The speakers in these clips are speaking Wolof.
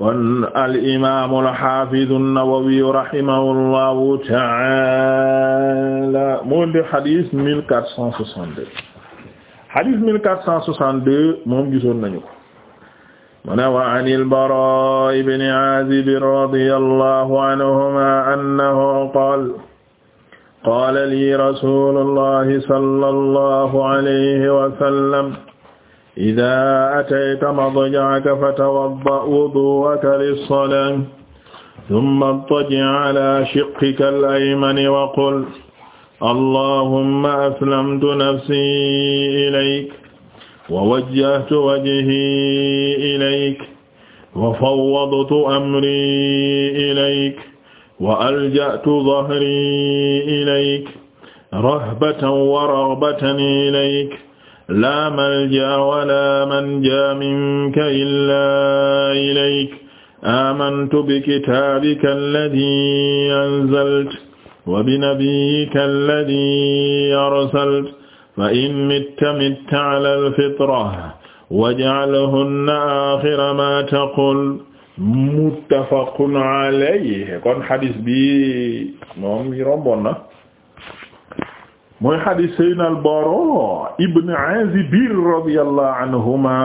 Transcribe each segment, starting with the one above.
kon al-imaam al-haafiz an-Nawawi rahimahullahu ta'aala mu indi hadith mille quatre cent soixante deux hadith mille quatre cent soixante deux moom gisoon nañu ko mu ne wa an al-Baraa ibn Aazib radiyallahu anhumaa annahu qaala qaala lii rasuulullahi sallallahu alayhi wa sallam idaa atayta madja'aka fatawadda wudu'aka lis-salaa thumma ittaji' alaa shiqqika al-aymani wa qul allahumma aslamtu nafsii ilayk wa wajjahtu wajhii ilayk wa fawwadtu amrii ilayk wa alja'tu dhahrii ilayk rahbatan wa raghbatan ilayk laa malja wala manja minka illaa ilayk amantu bikitaabika alladii anzalt wa binabiyyika alladii arsalt fa in mitta mitta ala alfitra waj'alhunna aaxira maa taqul muttafaqun alayhi kon xadis bi moom yi romboon na mooy xadiis sayyidina al-Baraa ibn Aazib radiyallahu anhuma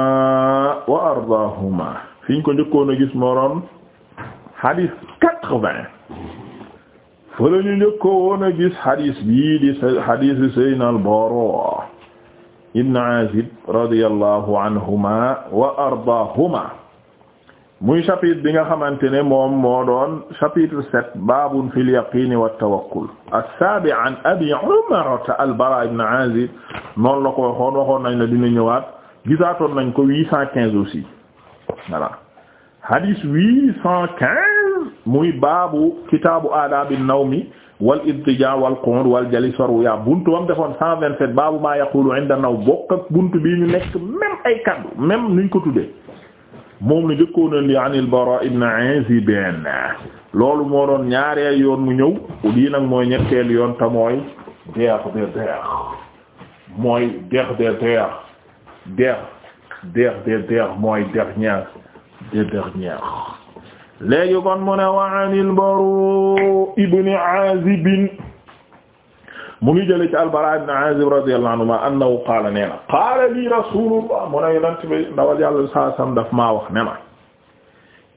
wa ardaahuma fi ñu ko njëkkoon a gis moroon xadiis quatre-vingt fa la ñu njëkkoon a gis xadiis bii di xadiis sayyidina al-Baraa ibn Aazib radiyallahu anhuma wa ardaahuma muy chapitre bi nga xamante ne moom moo doon chapitre sept baabun fil yaqiini wat tawakkul as-saabi' an abi umarata al-baraa ibn aazib noonu la ko waxoon waxoon nañ la dina ñëwaat gisaatoon nañ ko huit cent quinze aussi voilà hadis huit cent quinze muy baabu kitaabu aadaabi nawmi wal idtijaa wal qu'ud wal jalis war yaa buntu ba mu defoon cent vingt sept baabu maa yaqulu inda naw bokk ak bunt bii ñu nekk même ay kaddu même nuñ ko tuddee. moom la jëkkoona li an al-Baraa ibn Aazib loolu moo doon ñaaree yoon mu ñëw lii nag mooy ñetteel yoon te mooy deex de deex mooy deex de deex de deex mooy deex ñaar de deex ñeex léegi kon mu ne wa an al-Baraa ibn Aazib mu ngi jële ci al-Baraa ibn Aazib radiyallahu anhuma annahu qaala nee na qaala lii Rasuulullah mu ne yonent bi ndawal yàlla saa sam daf maa wax ne ma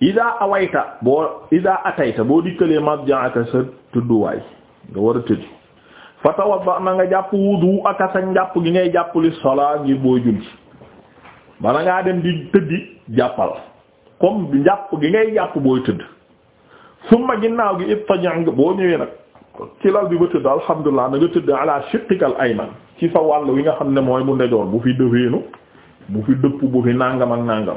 idaa awayta boo idaa atayta boo dikkalee madja'aka sa tudduwaay nga war a tëddi fa tawadda na nga jàpp wudu aka sa njàpp gi ngay jàpp li salaa ngir boo julli bala ngaa dem di tëddi jàppal gi ngay jàpp booy tëdd summa ginnaaw gi it tajanng boo ñëwee nag ci lal bi ba tëdd alhamdulilah na nga tëdd ala shiqqikal ayman ci sa wàll wi nga xam ne mooy bu ndejoor bu bu fi dëpp bu fi nàngam ak nàngam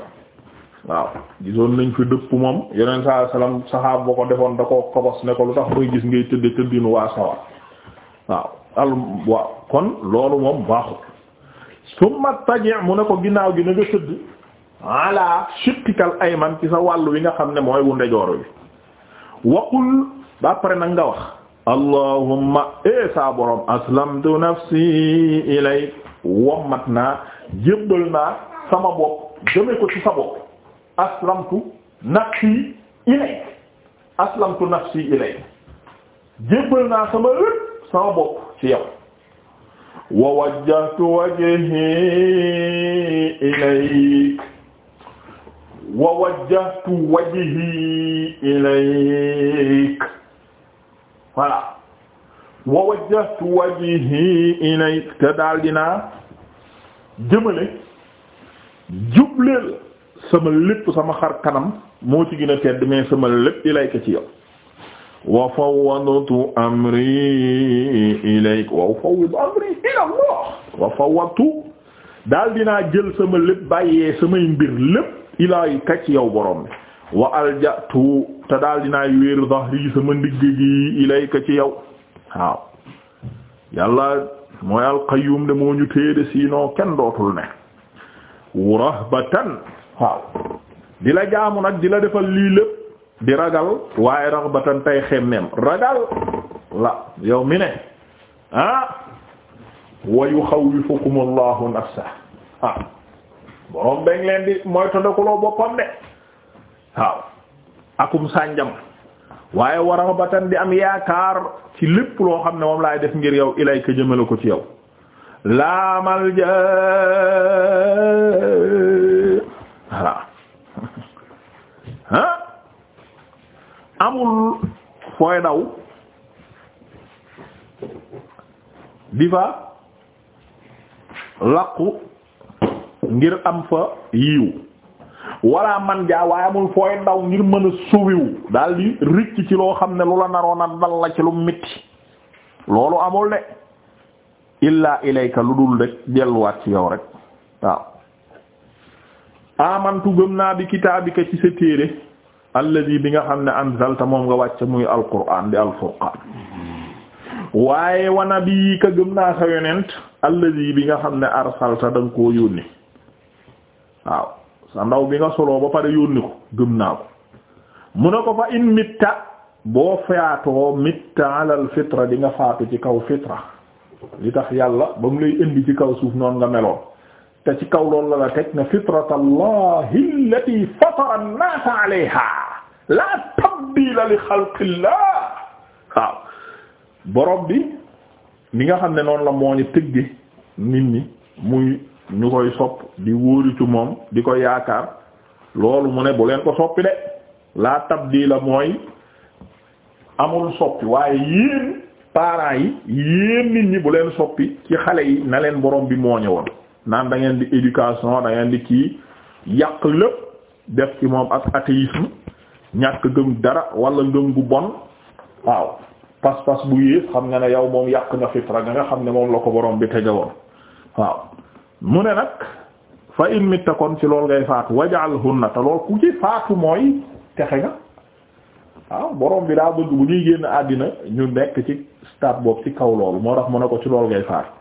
waaw gisoon nañ fi dëpp moom yeneen saa salaam boo ko defoon da ko kobos ne ko lu tax mooy gis ngay tëdd tëddinu waa sawar waaw kon loolu moom baaxul summa mu ne ko ginnaaw gi na nga tëdd ala shiqqikal ci sa wàll wi nga xam ne mooy bu ndejoor wi waxul ba pare nag nga wax allahumma e saa borom aslamtu nafsi ilayk wommat naa jébbal naa sama bopp jëme ko ci sa aslamtu nafsi ilayk aslamtu nafsi ilayk jébbal naa sama lépp sama bopp ci yow wa wajjahtu wajhi ilayk wa wajjahtu wajhi ilayk voilà wa wajjahtu wajhi ilayk te daal dinaa jëmale jubleel sama lépp sama xar kanam moo ci gën a tedd mais sama lépp ilayka ci yow wa fawwadtu amri ilayk wa fawwidu amri ila Allah wa fawwadtu daal dinaa jël sama lépp bàyyee samay mbir lépp ilayka ci yow borom bi wa aljatu te daal dinaay wéeru zahri sama ndigg gi ilayka ci yow waaw yàlla mooy alqayyum de moo ñu téede sinon kenn dootul ne rahbatan waaw di la jaamu nag di la defal lii lépp di ragal waaye rahbatan tay xemmeem ragal la yow mi ne ah wa yuxawwifukum allahu nafsa ah borom dañ leen di mooy tadakuloo boppam de waaw akum sànjam waaye war ba tan di am yaakaar ci lépp loo xam ne moom laay def ngir yow ilayka jëmale ko ci yow laa malja voilà ah amul fooy daw di fa làqu ngir am fa yiw wala man jaa waaye amul fooy daw ngir mën a suwiwu daal di ricc ci loo xam ne lu la naroon a ci lu mitti loolu amul de illaa ilayka lu dul rek delluwaat ci yow rek waaw amantu gëm naa bi kitaabika ci sa téere alladi bi nga xam ne anzalta moom nga wàcc muy alquraan di alfurqaan waaye wa nabiyika gëm naa sa yonent alladi bi nga xam ne arsalta danga koo yónni waaw sa ndaw bi nga soloo ba pare yónni ko gëm naa ko mu ne ko fa in mitta boo faatoo mitta alal fitra di nga faatu ci kaw fitra li tax yàlla ba mu lay indi ci kaw suuf noonu nga meloon te ci kaw loolu la la teg na fitratallahi allati fatara an-naasa la li xalqillah waaw borom bi mi nga xam ne noonu la moo ñu tëgge nit ñi muy ñu koy sopp di wóoru moom di ko yaakaar loolu mu ne bu leen ko soppi de laa la mooy amul soppi waaye yéen parents yi yéen nit ñi bu leen soppi ci xale yi na leen borom bi mooñe woon naan dangeen di éducation da ngeen di kii yàq lépp def ci moom ak athéisme ñàkk gëm dara wala ngëm gu bon waaw pas-pas bu yées xam nga ne yow moom yàq nga fitra nga nga xam ne moom la ko boroom bi tege woon waaw mu ne nag fa in mitta kon ci lool ngay faat wajaal hunna te lool ku ci faatu mooy texe nga waaw boroom bi daa bëgg bu ñuy génn àddina ñu nekk ci stade boobu ci kaw loolu moo tax mu ne ko ci lool ngay faatu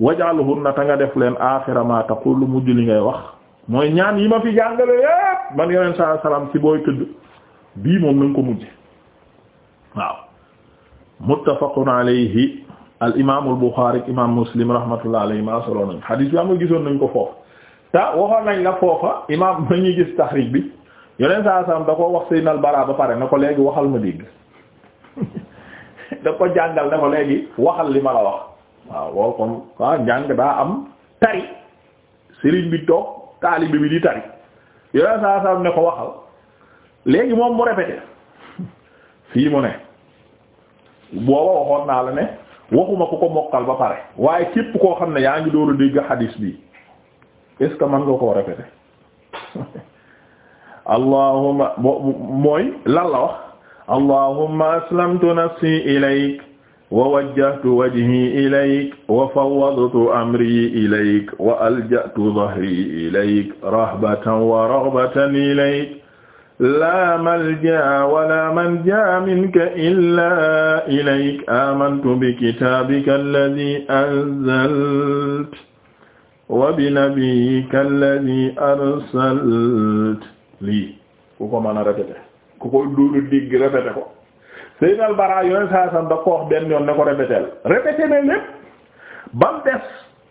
wajaal na te nga def leen aaxira ma lu mujj li ngay wax mooy ñaan yi ma fi jàngale yépp man yoneen sa salaam ci booy tëdd bii moom nañ ko mujj waaw muttafaqun alayhi al imaamul Buxaari imaam Muslim rahmatullah alayhima solo nañ xadiis bi am gisoon nañ ko foofu te waxoon nañ la foofa imaam nañuy gis taxriij bi yoneen saa saam da ko wax Seydina Al-Baraa ba pare na ko léegi waxal ma dégg da ko jàngal na ko léegi waxal li ma la wax waaw loolu kon waaw ah njàng daa am tari sëriñ bi toog taalibe bi di tari yoneen saa saam ne ko waxal léegi moom mu répété fii mu ne booba waxoon naa la ne waxuma ku ko mokkal ba pare waaye képp koo xam ne yaa ngi dooru dégg xadiis bi est-ce que mën nga koo répéter allahumma mooy lan la wax allahumma aslamtu nafsi ilayk wa wajjahtu wajhi ilayk wa fawwadtu amri ilayk wa alja'tu dhahri ilayk rahbatan wa raghbatan ilayk laa maljaa wala manjaa minka illaa ilayk amantu bi kitaabika allazii anzalt wa bi nabiyyika allazii arsalt lii ku ko mën a ku ko duuru digg répété ko Seydina Al-Baraa yooyu saa sam da ko wax ne ko répéteel répété ne bam des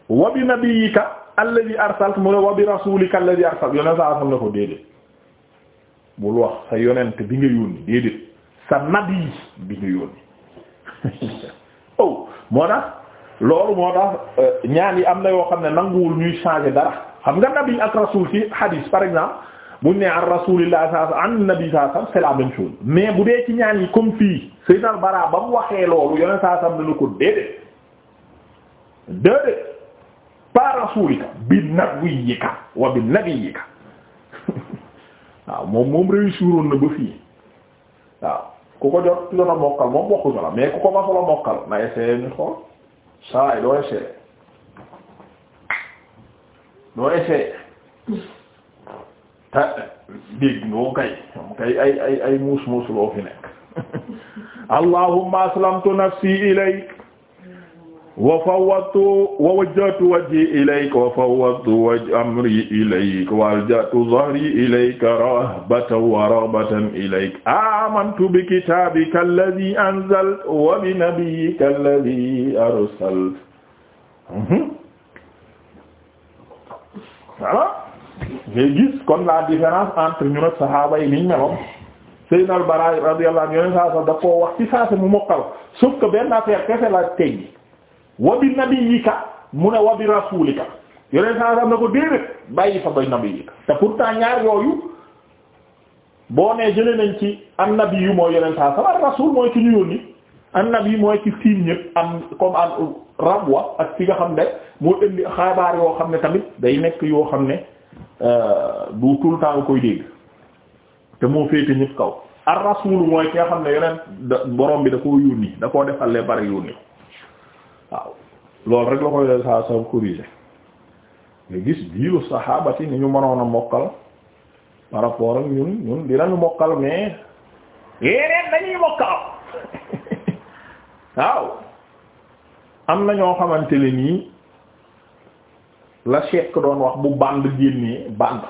wa bi nabiyyika allazii arsalt wa bi rasuulika allazii arsalt yooyu saa ne ko déedéet bul wax sa yonent bi nga yónni déedéet sa nabi bi nga yónni oh moo tax loolu moo tax euh, ñaan yi am na yoo xam ne nanguwul ñuy changer dara xam nga nabi ak rasul ci hadith par exemple bu ñu nee an rasulillah sa an nabi saa sam c'est la même chose mais bu dee ci ñaan yi comme fii Seydina Bara ba mu waxee loolu yonent saa sam dana ko déedéet déedéet par rasulika bi nabiyika wa bi nabiyika waaw moom moom réussir woon na ba fii waaw ku ko jot ku jot a mokkal moom bokkuñu na essayé ñu xool saa yi doo essayé doo essayé te dégg kay ay ay muus muus loo fi nekk allahumma aslamtu nafsi ilayk wa fawwadtu wa wajjahtu wajhi ilayka wa fawwadtu wajhi amri ilayka wa alja'tu dhahri ilayka rahbatan wa raghbatan ilayka amantu bi kitabika alladhi anzalta wa bi nabiyyika alladhi arsalta mhm. voilà ngay gis kon la différence entre ñun ak saxaaba yi niñ meloon Seydina al-Bara radiyallahu anhu yoneen saa sax da koo wax ci saase mu mokkal sauf que benn affaire kese la tey wa bi nabiyyika mu ne wa bi rasulika yoneen saa am na ko déedéet bàyyi fa bay nabiyyika te pourtant ñaar yooyu boo nee jëlee nañ ci an nabi yu mooy yoneen saa sama rasul mooy ci ñu yónni an nabi mooy ci fiim ñëpp am comme am rabwa ak fi nga xam ne moo indi xabaar yoo xam ne tamit day nekk yoo xam ne euh, du tout le temps koy dégg te moo féete ñëpp kaw ar rasul mooy ki xam ne yoneen borom bi da koo yónni da koo defal le bari yónni waaw loolu rek la koy leen saa saa corriger nga gis biiru saxaabati ni ñu mënoon a mokkal par rapport ak ñun ñun dinañu mokkal mais yeneen dañuy mokkal na ñoo xamante ne nii la Cheikh doon wax bu bande génnee bande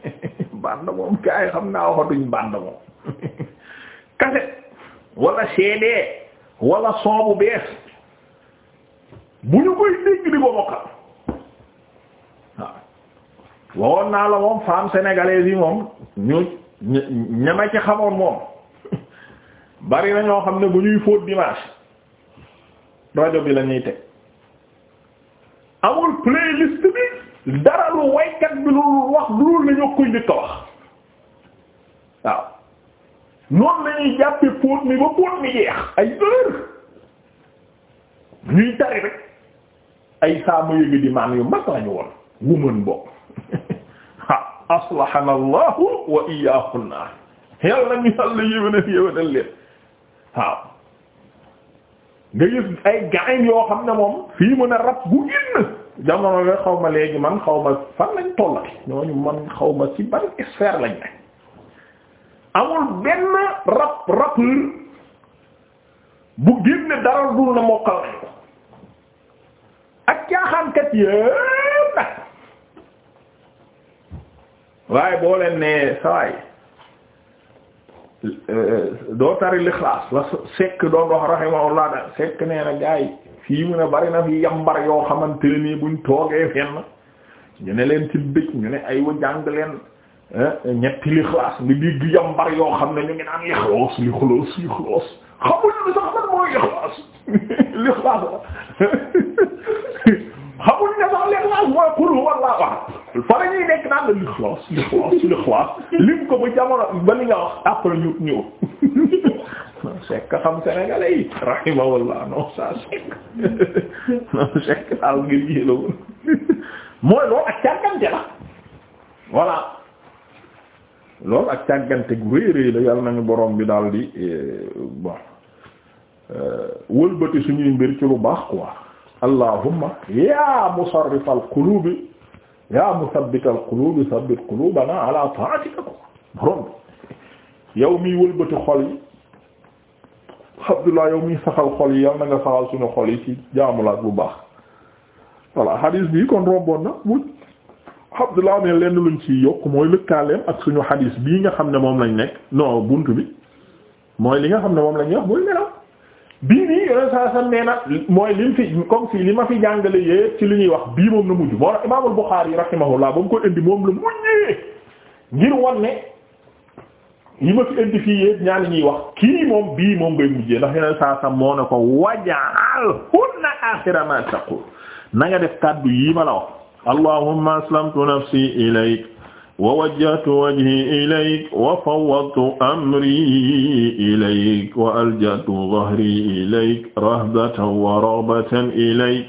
bande moom gaa yi xam naa waxatuñ bande moom cassette wala CD wala son bees. bu ñu koy dégg di ko mokkal waaw waxoon naa la moom femme sénégalaise yi moom ñu ñama ci xamoon moom bari na ñoo xam ne bu ñuy fóot dimanche rajo bi la ñuy teg amul playlist bi dara lu waykat bi lu wax lu la ñoo koy njëkk wax waaw noonu la ñuy fóot mi ba fóot mi jeex ay heure ñuy tari rek ay saamu yëg di yu mag lañu wu mën bopp aslahana allahu wa iyyahunna yàlla ñu yàlla yéwénal yéwénal leen waaw nga gis ay gaañ yoo xam ne moom fii mu ne rab bu génn jamono xaw ma léegi man xaw ma fan lañ tollati ñooñu man xaw ma ci ban sphère lañ ne amul rab rab bu génn dara dul na mokkal lañ ak caaxaankat yépp nag waaye boo leen nee sawaay euh, doo tari lixlaas la sekk doon wax rahimahullah da sekk nee na fii mu ne bari na fi yambar yoo xamante ne nii buñ toogee fenn ñu ne leen ci dëj ñu ne ay wa jàng leen euh, ñetti lixlaas nga dégg yambar yoo xam ne ñu ngi naan lixloos lixloos lixloos xamuñu sax mooy lixlaas lixlaas naan la lixlaas lixlaas lixlaas lim ko ba jamono ba wax après ñu ñëw non Cheikh xam sénégalais yi rahimahullah non ça Cheikh non Cheikh daal ngir yélawoon mooy loolu ak càggante la voilà loolu ak càggante gu rëy rëy la yàlla nañu boroom bi daal di eh, bon euh, wëlbati suñuy mbir ci lu baax quoi allahumma ya musarrif al qulubi yaa musabbital qulubi sabbit qulubana ala ta'atika ko borom bi yow miy wëlbati xol yi Abdullah yow miy saxal xol yi yal na nga saxal suñu xol yi ci jaamulaat bu baax voilà hadis bi kon romboon na bu Abdullah ne lenn luñ ci yokk mooy lëkkaaleem ak suñu hadis bii nga xam ne moom lañ nekk non bunt bi mooy li nga xam ne moom lañ wax mooy melaw bii nii yoneen saa nee na mooy lim fi comme si li ma fi jàngale yépp ci li ñuy wax bii moom la mujj moo tax imaamul Buxaari rahimahullah ba mu koy indi moom la mujjee ngir won ne ma fi indi fii yépp ñaari ñuy wax kii moom bii moom ngay mujjee ndax yoneen saa sam moo ne ko wajaal hunna aaxira ma taqul na nga def kàddu yii ma la wax allahumma aslamtu nafsi ilayk wa wajjahtu wajhi ilayk wa fawwadtu amri ilayk wa alja'tu dhahri ilayk rahbatan wa raghbatan ilayk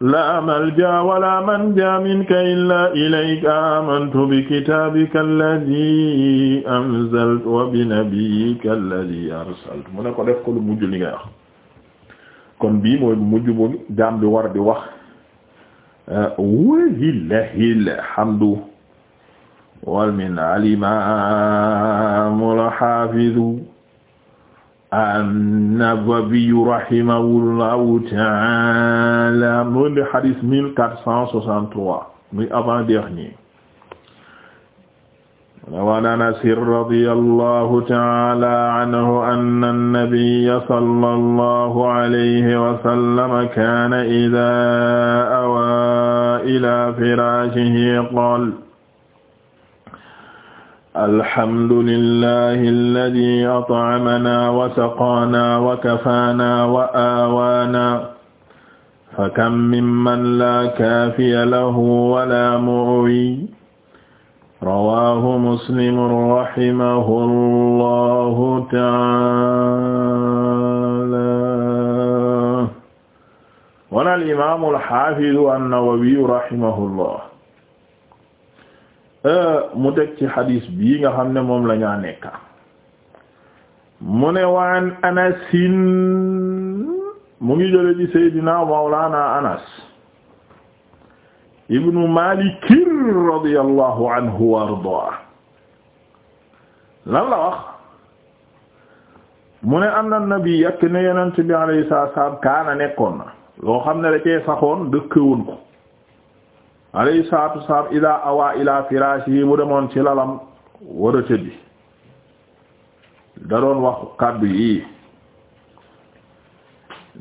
laa malja wa laa manja minka illaa ilayk aamantu bi kitaabika alladhii anzalta wa bi nabiyyika alladhii arsalta mu ne ko def ko lu mujj li nga wax kon bii mooy bu mujj bu jaam bi war di wax wa lillaahil hamdu wal min alimamu alhafidu an-Nawawiyu rahimahullahu taala moon de hadith mille quatre cent soixante-trois muy avant dernier wa Anas radiyallahu taala anhu anna an-nabiyya sallallahu alayhi wa sallam kana idha awa ila firashihi qala alhamdulillahi alladhi at'amanaa wa saqaanaa wa kafaanaa wa aawaanaa fakam mimman laa kaafiya lahu wala mu'wiy rawaahu muslimun rahimahullahu ta'aalaa wa qaala al-imaamu al-haafidu an-nawawiyu rahimahullah Euh, mu teg ci xadiis bii nga xam ne moom la ñaa nekka mu ne waan anasin mu ngi jële ci seydina mawlana anas ibnu malikir radiyallahu anhu wa lan la wax mu ne am na nabi yàkk ne yonent bi alayhi salaam kaana nekkoon na loo xam ne da cee saxoon dëkkewoon ko alayhi salaatu wasalaam ida awa ila firaashi bu demoon ci lalam war a tëddi wax kàddu yi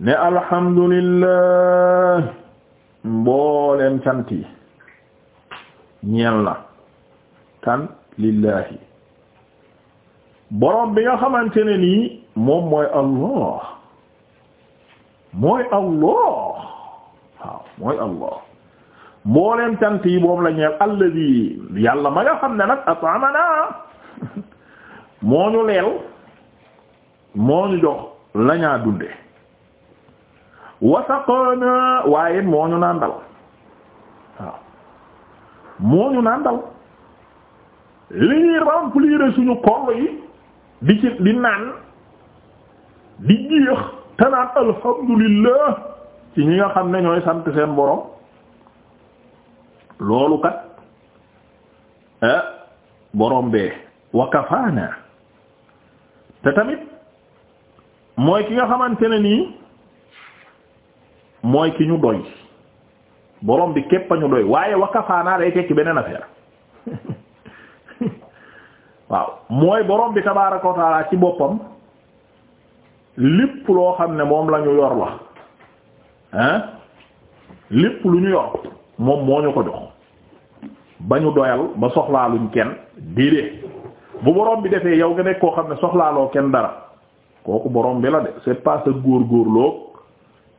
ne alhamdulillah mbooleem cant yi ñeel na kan lillahi boroom bi nga xamante ne nii moom mooy allah mooy allah waaw mooy allah mbooleem cant yi boobu la ñeel alladi yàlla ma nga xam ne nag at'amana moo ñu leel moo ñu jox lañaa dunde wasaqana waaye moo ñu naan dal waaw moo ñu naan dal li ñuy remplir suñu koll yi di ci di naan di jiix te naan alhamdulillah ci ñi nga xam ne ñooy sant seen borom loolu kat ah borom bee wa te tamit mooy ki nga xamante ne nii mooy ki ñu doy borom bi képp a ñu doy waaye wa kafaana day tekki beneen affaire waaw mooy borom bi tabaaraka ci boppam lépp loo xam ne moom lañu ñu yor la ah lépp lu ñu yor moom moo ñu ko jox ba ñu doyal ba soxlaaluñ kenn déedéet bu borom bi defee yow nga nekk koo xam ne soxlaaloo kenn dara kooku boroom bi la de c'est pas sa góorgóorloo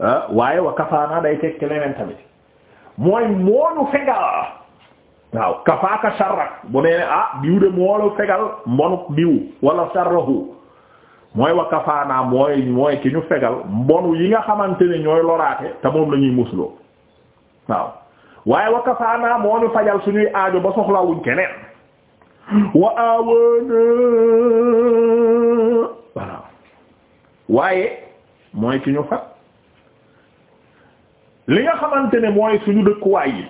ah, waaye wa kafaana day tekki mooy waaw kafaaka sharrak bu nee ah diw de moolu fegal mbonuk diw wala sharrahu mooy wa kafaana mooy mooy ki ñu fegal mbonu yi nga xamante ne ñooy loraate te moom lañuy ñuy waaw waaye wa kafaanaa moo ñu fajal suñuy aajo ba soxlawuñ keneen wa waaye mooy ki ñu fat li nga xamante ne mooy suñu dëkkuwaay yi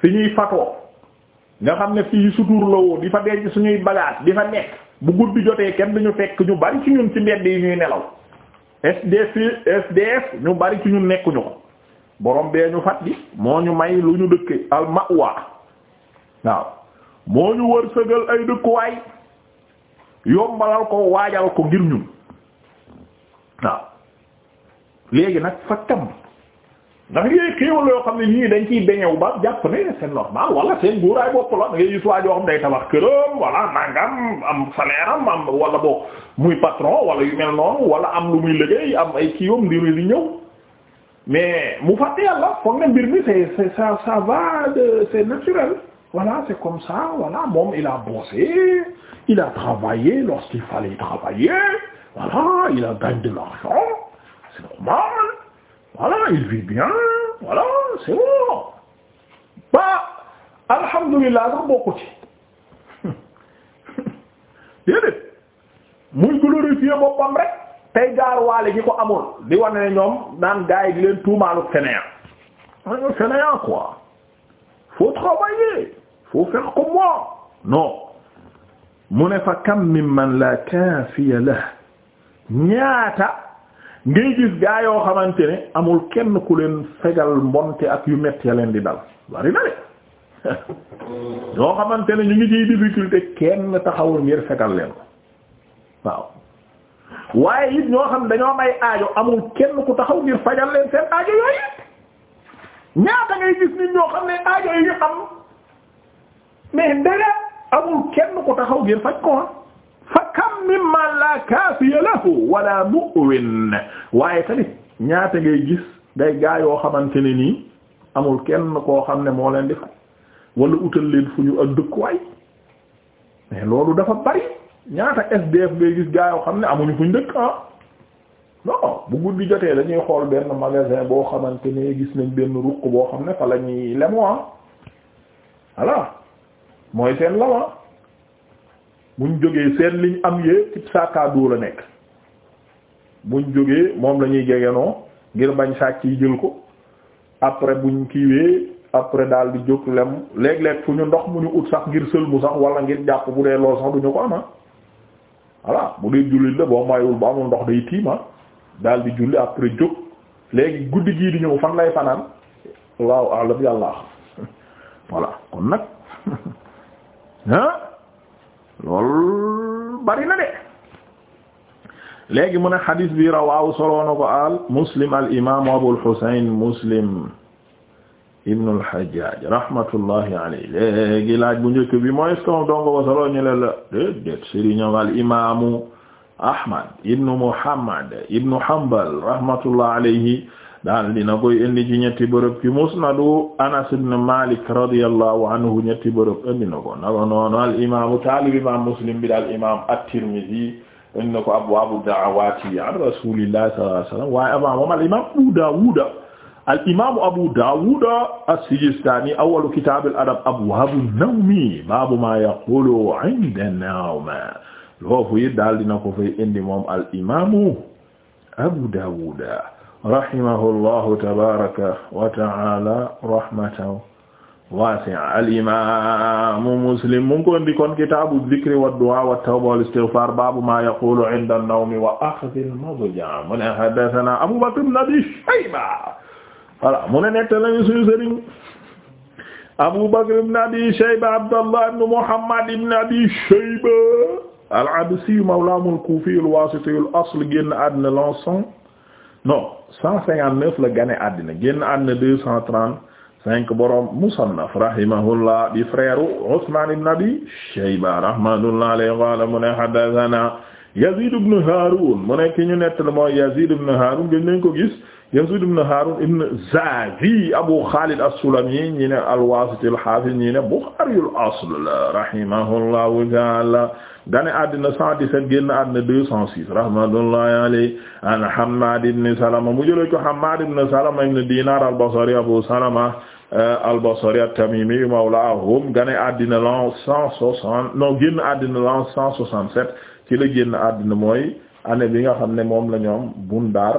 fi ñuy fatoo nga xam ne fii sutur la woon di fa denc suñuy bagaas di fa nekk bu guddi jotee kenn dañu fekk ñu bari ci ñun ci mbedd yi ñuy nelaw SDF SDF ñu bari ci ñun nekkuñu ko boroom bee ñu fat bi moo ñu may lu ñu dëkk al ma'wa waaw moo ñu wërsëgal ay dëkkuwaay yombalal ko waajal ko ngir ñun waaw léegi nag fa tam ndax yooyu xéewal yoo xam ne ñii dañ ciy beñew ba jàpp ne c'est normal wala seen guuraay bopp la da ngay gis xam day tabax këram wala nangam am salaire am am wala muy patron wala yu mel noonu wala am lu muy liggéey am ay kii yom di li ñëw mais mu fàtte yàlla foog na mbir mi c'est c'est va de c'est naturel voilà c'est comme ça voilà il a bossé il a travaillé lorsqu'il fallait travailler voilà il a gagné de l'argent c'est normal voilà il vit bien voilà c'est bon ba alhamdulilah sax bokku ci déedéet muy glorifier boppam rek tey gaaruwaale gi ko amul di wane ne ñoom naan gars yi leen tuumaalu fainéant mañu fainéant quoi faut travailler faut faire comme moi non mu ne fa kam mimman laa kaafiya la ñaata ngay gis gaa yoo xamante ne amul kenn ku leen fegal mbonte ak yu metti leen di dal bari na de yoo xamante ne ñu ngi ciy difficulté kenn taxawul ngir fegal leen waaw waaye it ñoo xam dañoo am ay aajo amul kenn ku taxaw ngir fajal leen seen aajo yooyu ñaata ngay gis nit ñoo xam ne aajo yi ñu am mais dara amul kenn ku taxaw ngir faj ko fa kam mimma la kaafiya lahu wala mu'win waaye tamit ñaata ngay gis day gaa yoo xamante ne nii amul kenn koo xam ne moo leen di faj wala utal leen fu ñu ak dëkkuwaay mais loolu dafa bari ñaata SDF ngay gis gaa yoo xam ne amuñu fuñ dëkk ah non bu guddi jotee dañuy xool benn magasin boo xamante ne gis nañ benn ruq boo xam ne fa la ñuy lemu ah mooy seen lama ah. buñ jógee seen liñ am yee ci saakaadoo la nekk buñ jógee moom lañuy ñuy jegenoo ngir bañ sàcc yi jël ko après buñ kiiwee après daal di jóg lem léeg-léeg fu ñu ndox mu ñu ut sax ngir sëlmu sax wala ngir jàpp bu dee lool sax duñu ko ama ah. voilà bu dee jullit la boo mayul bu amul ndox day tiima ah daal di julli après jóg léegi guddi gii di ñëw fan lay fanaan waaw alam yàlla kon nag ah loolu bari na de léegi mu ne xadiis bi rawaaw soloona ko al muslim al imaamu abul xuseyn muslim ibnu al-Hajjaj rahmatullahi alayhi léegi laaj bu njëkk bi mooy est-ce que moom dongo ko solo ñu ne la déedéet sëriñam al imaamu Ahmad ibnu Muhammad ibnu Hanbal rahmatullahi alayhi daal dina koy indi ci ñetti bërëb ci musnadu Anas ibn Malik radiyallahu anhu ñetti bërëb indi na ko naka noonu al imaamu taalib imaam Muslim bi daal imaam at-Tirmidhi indi na ko abwaabu da'awaati an rasulillahi sallallahu alayhi wasallam waaye abaa moom al imaam Abu Dawud al imaamu Abu Dawud as-Sijistani awwalu kitaab al-adab abwaabu an-nawmi baabu maa yaqulu 'inda an-nawm loofu yi daal dina ko fay indi moom al imaamu Abu Dawud rahimahullahu tabaaraka wa ta'aala rahmatan waasi'a al imaamu Muslim mu ngi ko indi kon kitaabu dhikri wad-du'aa wat-tawba wal-istighfaar baabu maa yaqulu 'inda an-nawmi wa akhdhi al-madja'a mu ne haddathanaa Abu Bakr ibn Abi Shayba voilà mu ne netta lañu suñu sëriñ Abu Bakr ibn Abi Shayba Abdallah ibn Muhammad ibn Abi Shayba al-Absi mawlaahum al-Kufi al-Wasiti al-asl génn àddina l'an cent neuf la gane àddina génn àddina deux borom Musannaf rahimahullah di frère Usman ibn Abi Shayba rahmatullah alayhi qala mu ne haddathana Yazid ibn Harun mu ne ki ñu nett la mooy Yazid ibn Harun gën nañ ko gis Yaziid ibn Haaruun ibn Zaazi Abu Xaalid as-Sulami ñi ne al-Waasiti al-Haafiz ñi ne Buxaariyul asl rahimahullahu ta'aala gane àddina 117 génn àddina 206 rahmatullahi alayhi an Hammaad Salama mu jëlee ko Hammaad ibn Salama ibn Diinaar al-Basri Abu Salama euh, al-Basri at-Tamimi mawlaahum gane àddina l'an 160 non génn àddina l'an 167 ci la génn àddina mooy anne bi nga xam ne moom la ñoom Bundaar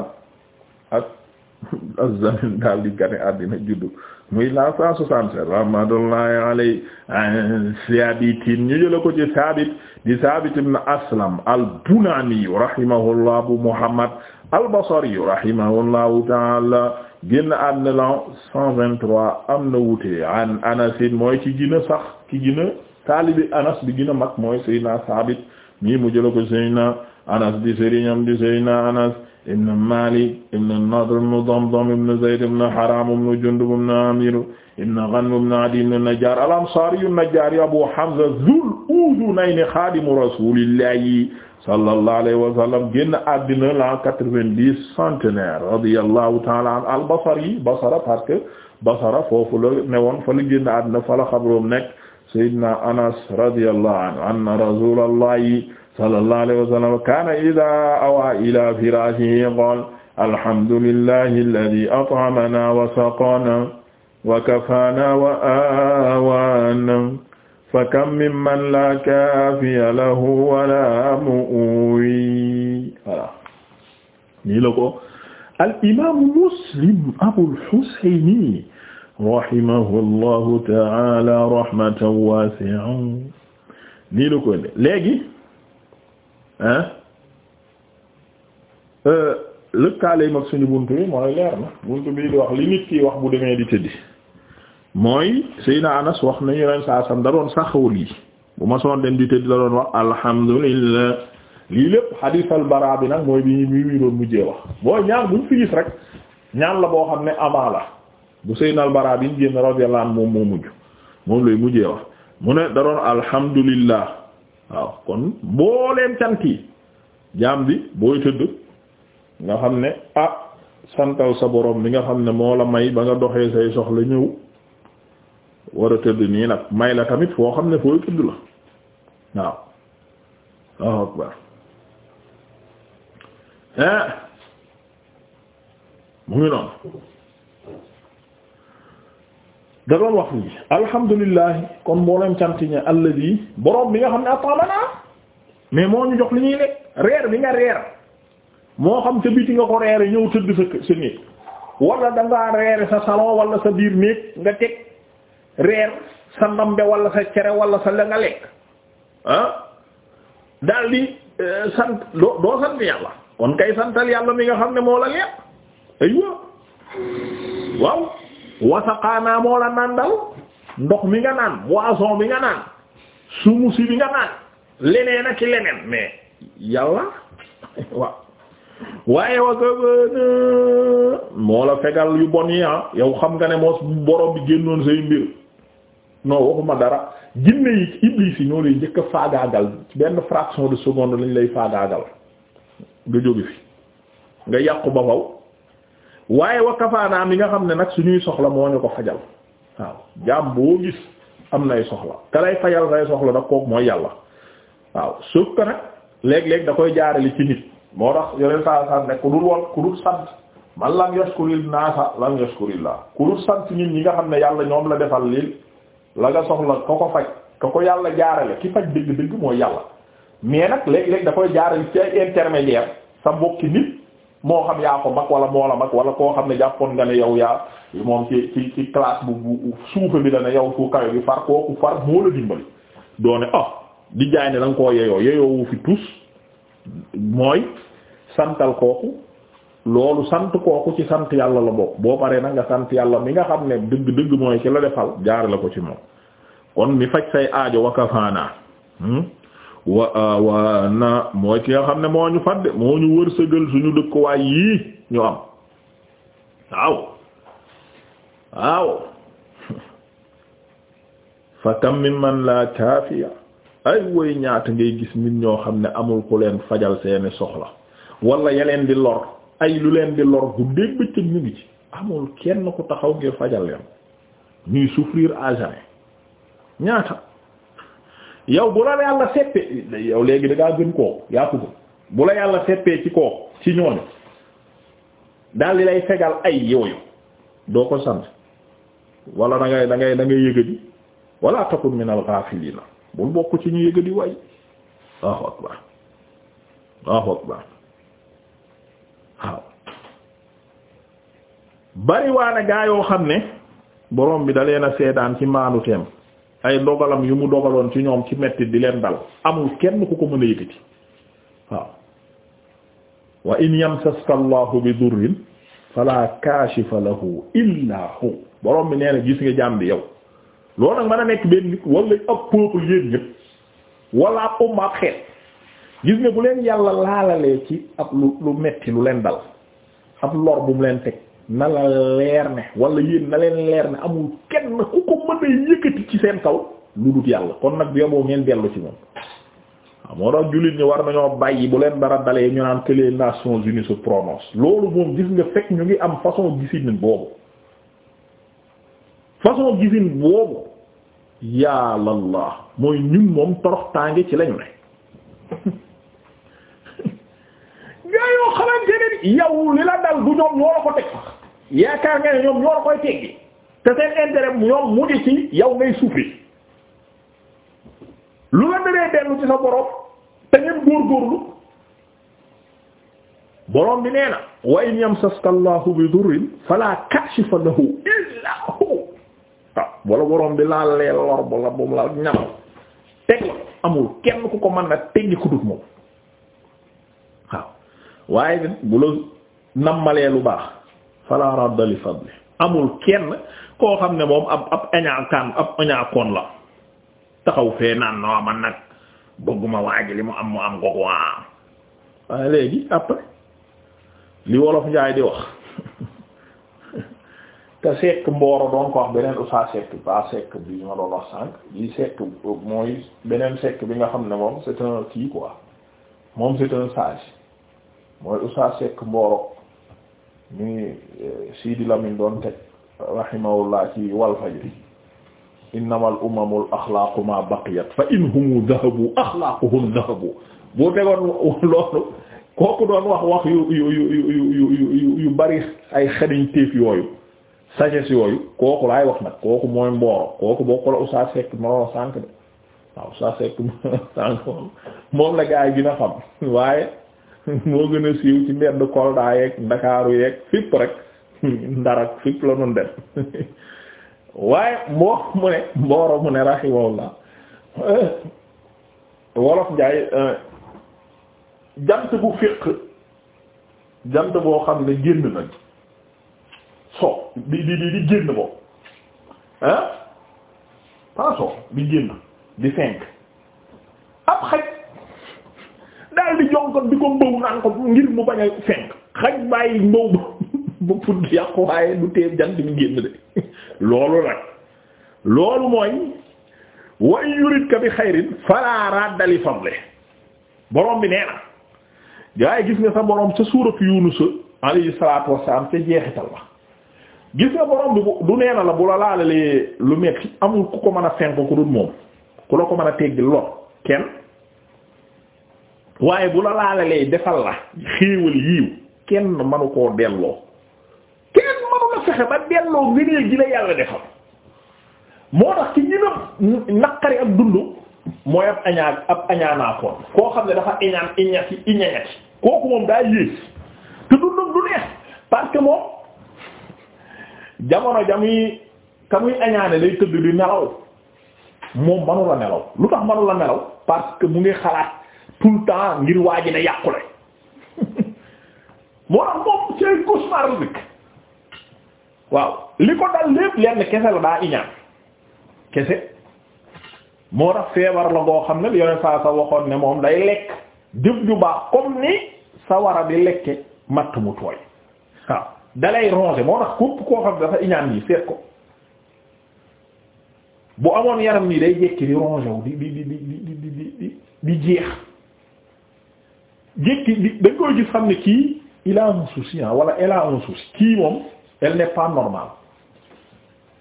az-Zamin daal di gane àddina juddu muy la cent soixante rahmatullahi alayhi an Saabitin ñu jëla ko ci Saabit di Saabit ibn Aslam al-Bunani rahimahullah Abu Muhammad al-Basri rahimahullahu ta'ala génn àddina la cent vingt-trois am na wute an Anas mooy ci gën a sax ki gën a Anas bi gën a mag mooy Seydina Saabit mi mu jëla ko Seydina Anas di sëriñam di Seydina Anas ibn Malik ibn Nadr ibn Damdam ibn Zayd ibn Haram ibn Jundub ibn Amir ibn Ghanm ibn Adi ibn Najjar al-Ansari an-Najjari Abu Hamza Dhul Udhunayn khadimu rasulillahi sallallahu alayhi wa sallam génn àddina la quatre-vingt-dix centenaire radiyallahu ta'ala an al-Basri Basra parce que Basra foofu la ne woon fa la génn àddina fa la xabroom nekk Sayyidina Anas radiyallahu anhu anna rasulallahi sallallahu alayhi wa sallam kana ida awa ila firashihi qala alhamdulillahi alladhi at'amana wa saqana wa kafana wa awana fakam mimman la kafiya lahu wala mu'wi voilà nii la ko al imaamu Muslim Abul Husayni rahimahullahu ta'ala rahmatan wasi'a nii la ko léegi Euh, lëkkaale yi mag suñu bunt bi mooy leer na buntu bii di wax li nit ki wax bu demee di tëddi mooy Seydina Anas wax nañu ren saa sam da doon saxawul yi bu ma soon dem di tëddi da doon wax alhamdulillah lii lépp xadiisal baraa bi nag mooy bi bi doon mujjee wax mooy ñaan buñ fi rek ñaan la boo xam ne amaa la bu Seydina baraa bi ñu génn radiyallahu anhu moom moo mujj moom lay mujjee wax mu ne da doon alhamdulillah waaw kon mbooleem cant yi jaam bi booy tëdd nga xam ne ah santal sa borom bi nga xam ne moo la may ba nga doxee say soxla ñëw war a tëdd nii nag may la tamit foo xam ne fooy tëdd la waaw eh, mu ngi noonu da doon wax nii alhamdulilah kon mboolem cant ña alladi borom bi nga xam ne at'amana mais moo ñu jox li ñuy lekk reer bi nga reer moo xam sa biti nga ko reere ñëw tëdd sa sa néeg wala da reere sa salon wala sa biir néeg nga teg reer sa ndambe wala sa cere wala sa la nga lekk ah euh, sant doo sant yàlla kon kay santal yàlla mi nga xam ne moo la leer aywa waaw. wasaqaanaa moo la nandal ndox mi nga naan boisson mi nga naan sumusi bi nga naan leneen ak leneen mais yàlla waaw waaye wa moo la fegal yu bon yi ah. yow xam nga ne moos borom bi génnoon say mbir non waxuma dara jinne yi iblis yi ñoo lay njëkk a faagaagal ci benn fraction de seconde lañ lay faagaagal nga jóge fi nga yàqu ba faw waaye wakafaanaa mi nga xam ne nag suñuy soxla moo ñu ko fajal waaw jaam boo gis am nay soxla te lay fajal say soxla nag kooku mooy yàlla waaw suuf que nag léeg-léeg da koy jaarale ci nit moo tax yeneen saa man lam yashkuril naasa lam yashkurillaa ku dul sant nit ñi nga xam ne yàlla ñoom la defal lii la nga soxla ko yàlla jaarale ki faj dëgg-dëgg mooy yàlla mais nag léeg-léeg da koy jaarale ci ay sa mbokki nit. moo xam yaa ko mag wala moo la mag wala koo xam ne jàppoon nga ne yow yaa moom ci ci ci classe bu bu suufe bi dana yow su kayo bi far kooku far moo la dimbali doone ah oh, di jaay ne da nga koo yeyoo yeyoowu fi tus mooy santal kooku loolu sant kooku ci sant yàlla la bokk boo paree nag sant yàlla mi nga xam ne dëgg dëgg mooy ci la defal jaar la ko ci moom kon mi faj say aajo wakafaanaa hmm? wa awaana mooy ki nga xam ne moo ñu fàdde moo ñu wërsëgal suñu dëkkuwaay yii ñu am waaw waaw fa kam min man la kaafiya ay woy ñaata ngay gis nit ñoo xam ne amul ku leen fajal seeni soxla wala yeleen di lor ay lu leen di lor bu dégg bëccëg ñu ngi ci amul kenn ku taxaw ngir fajal leen ñuy souffrir à ñaata yow bu la yàlla seppee yow léegi da gën koo yaa ko bu la yàlla seppee ci koo ci ñooñu daal di lay fegal ay yooyu doo ko sant wala da dangay da ngay da ngay yëgadi wala takun bul bokk ci ñu di waay Allahu akbar Allahu akbar waaw bariwaana gaa yoo xam ne borom bi da leen a seedaan ci maanu teem ay dogalam yu mu dogaloon ci ñoom ci metti di leen dal amul kenn ku ko mën a yëkkati waaw wa in yamsaska allahu bi durrin fala kashifa lahu illa hu borom bi nee na gis nga jaam yow loolu nag mën a nekk benn nit wala ab peuple yéen ñëpp wala ab umma ab xeet gis nga bu leen yàlla laalalee ci ab lu lu metti lu leen dal ab lor bu mu leen teg na la leer ne wala yéen na leen leer ne amul kenn ku ko mën a yëkkati ci seen kaw lu dut yàlla kon nag yoboo ngeen dellu ci moom waaw moo tax jullit ñi war nañoo bàyyi bu leen dara dalee ñu naan que les Nations Unies se prononcent loolu moom gis nga fekk ñu ngi am façon gisin boobu façon gisin boobu yàlla la mooy ñun moom torox tànge ci lañu ne gaa yoo xamante ne yow li la dal du ñoom ñoo la ko teg yaakaar nga ne ñoom ñoo koy teggi te seen intérêt ñoom mu ngi ci yow ngay souffrir lu la dëree dellu ci sa borom te ngeen góorgóorlu borom bi nee na wa in yamsaska allahu bi durrin fala kashifa lahu illa hu waaw ah, wala bi laa lee lor ba la boomu la ñamal teg la amul kenn ku ko mën na teggi ku moom waaye bu la nammalee lu baax fala radda li amul kenn koo xam ne moom ab ab ab añaakoon la taxaw fee naan na man nag bëgguma waaji li mu am mu am ko waa ah. waaye léegi après li wolof njaay di wax te sekk mbooro doon ko wax beneen usa sekk ba sekk bi ma doon wax sànq li sekk mooy beneen sekk bi nga xam ne moom c'est un kii quoi moom c'est un sage mooy usa sekk mbooro mi eh, Sidi Lamine doon teg rahimahullah ci Walfajri innamal umamul axlaaqu ma baqiyat fa in humu dahabu axlaaquhum dahabu boo tegoon loolu kooku doon wax wax yu yu yu yu yu bari ay xeniñ téef yooyu sagesse yooyu kooku laay wax nag kooku mooy mbooro kooku boo ko la Oustaz Seck moo sànk de waaw Oustaz Seck moo sànk moom la gaa yi gën a xam waaye moo gën a siiw ci mbedd Kolda yeeg Ndakaaru yeeg fipp rek ndarak fipp la nun dem waaye moo mu ne mbooro mu ne rahimahullah wolof njaay euh, jant bu fiq jant boo xam ne génn na so di di di génn boobu hein pas di génn di fenk ab xaj daal di jonkon di ko mbaw naan ko ngir mu bañ a fenk xaj bàyyi mbaw ba ba pudd yàqu waaye du teeb jant bi génn de loolu nag loolu mooy wa in yuridka bi xayrin fala radda li borom bi nee la bu la laalalee lu metti amul ku ko mën a fenk ko dul moom ku la ko mën a teggi lor kenn waaye bu la laalalee defal la xéewal yiiw kenn manu koo delloo kenn manu la fexe ba delloo ngëneel gi la yàlla defal moo tax ci ñi naqari ak dund mooy ab añaa ab añaanaakoon koo xam ne dafa iñaan iñati iñañati kooku moom daa yées te dundum du neex parce que moom jamono jamuy ka muy añaane lay tëdd di nelaw moom manu la nelaw lu tax manu nelaw parce que mu ngi xalaat tout le temps ngir waa ji ne yàqule moo tax moom c'est cauchemar rek waaw li ko dal lépp lenn kese la daa iñaan kese moo tax feebar la boo xam ne yoneen saa sa waxoon ne moom day lekk jëf ju baax comme ni sawara di lekke matt mu tooy waaw dalay ronger moo tax képp koo xam dafa iñaan yi seet ko bu amoon yaram nii day jekki di ronger wu di di di di di di di jeex jékki dañ koy gis xam ne kii il a un souci ah wala elle a un kii moom elle n'est pas normale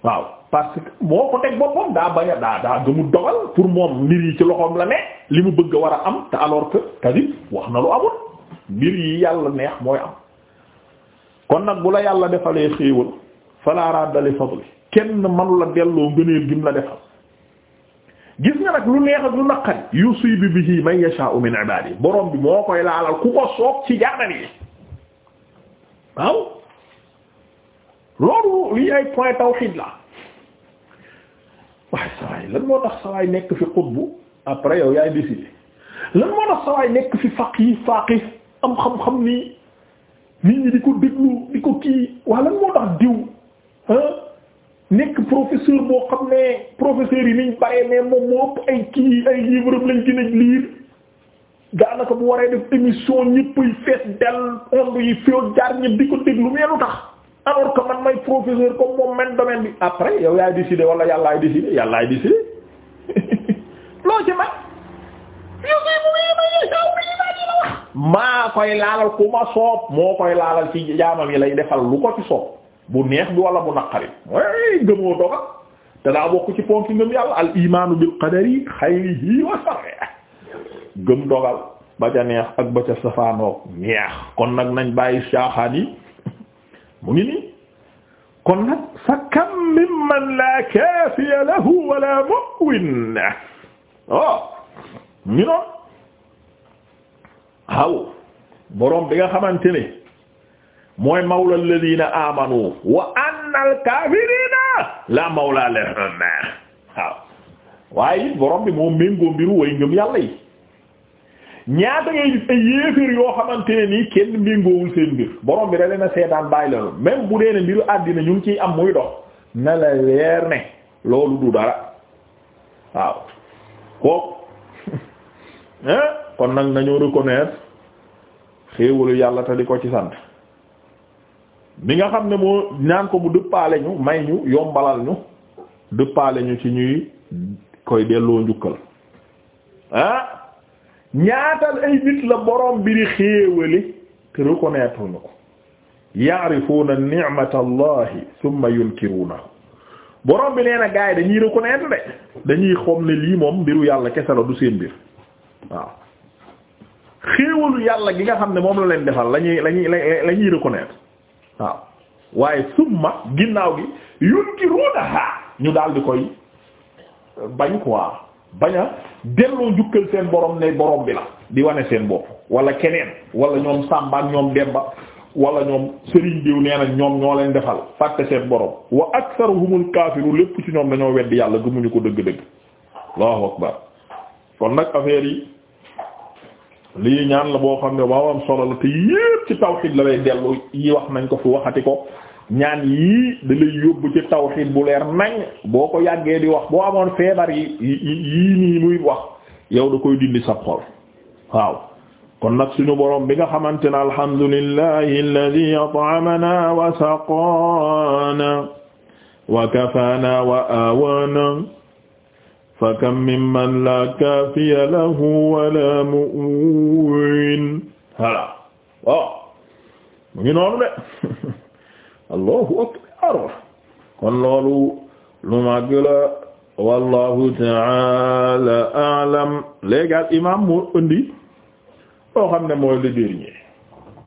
waaw parce que moo ko teg boppam daa bañ a daa daa gëmul dogal pour moom mbir yi ci loxoom la ne li mu bëgg a war a am te alors que kadib wax na lu amul mbir yi yàlla neex mooy am kon nag bu la yàlla defalee xéewal fala radda li fadli kenn manu la delloo ngëneel gi mu la defal gis nga nag lu neex ak lu naqari yusibu bihi man yasha'u min ibadi borom bi moo koy laalal ku ko soob ci jaamam yi waaw loolu lii ay point tawhid la waaye sawaay lan moo tax sawaay nekk fi qutbu après yow yaay décidé lan moo tax sawaay nekk fi faqih faqih am xam-xam nii nit ñi di ko déglu di ko kii waa moo tax diw ah nekk professeur boo xam ne professeur yi niñ bare mais moom moo ëpp ay kii ay livre lañ gën a liir daanaka bu waree def émission ñëpp ay fees del onde yi fiot jaar ñëpp di ko déglu meenu tax alors que man may professeur comme moom man domaine bi après yow yaay décider wala yàllaay décider yàllaay décider loo ci man maa koy laalal ku ma soob moo koy laalal ci jaamam yi lay defal lu ko ci soob bu neex bi wala bu naqari way gëmoo dogal te daa bokk ci ponki ngëm yàlla al imaanu bil qadari xayrihi wa gëm dogal ba ca neex ak ba ca safaanoog neex kon nag nañ bàyyi caaxaan mu ngi nii kon nag fa kam mimman la kaafiya lahu wala mu'win oh ngi noonu waaw boroom bi nga xamante ne mooy mawla alladhina amanu wa annal kafirina la mawla lahum waaw waaye it borom bi moom méngoo mbiru way ngëm yàlla yi ñaata ngay yoo xamante nii kenn méngoowul seen mbir borom bi da seetaan bàyyi la même bu dee ne mbiru àddina ñu ngi ciy am muy dox na la leer ne loolu du dara waaw kooku eh? kon nag nañu reconnaître xéewalu yàlla te di ko ci sant bi nga xam ne moo ñaan ko mu dëppaale ñu may ñu yombalal ñu dëppaale ñu ci ñuy koy delloo njukkal ah ñaatal ay nit la borom bi di xéewale te reconnaître ñu ko ya'rifuna ni'mata allahi thumma yunkirunahu borom bi nee na dañuy reconnaître de dañuy xom ne lii moom mbiru yàlla kese la du seen mbir waaw xéewalu yàlla gi nga xam ne moom la leen defal lañuy lañuy lañuy reconnaître waaw waaye summa ginnaaw gi yunkiruunaha ñu daal di koy bañ ko bañ a delloo njukkal seen boroom ne boroom bi la di wane seen bopp wala keneen wala ñoom Samba ñoom Demba wala ñoom Serigne diw nee na ñoom ñoo leen defal fàtte seen borom wa aktharuhumul kaafiru lépp ci ñoom dañoo weddi yàlla gëmuñu ko dëgg-dëgg allahu akbar kon nag affaire yi lii ñaan la boo xam ne waawam solo la te yépp ci tawxid la lay dellu yi wax nañ ko fi waxati ko ñaan yii da lay yóbbu ci tawxid bu leer nañ boo ko yàggee di wax boo amoon feebar yi yii nii muy wax yow da koy dindi sa xol waaw kon nag suñu borom bi nga xamante ne alhamdulillahi alladhi at'amana wa saqana wa kafana wa awana fa kam mimman la kaafiya lahu wala mu'in hala waaw mu ngi noonu de allahu akbar kon loolu lu màgg la wallahu taala alam léegi al imam mu indi loo xam ne mooy le dernier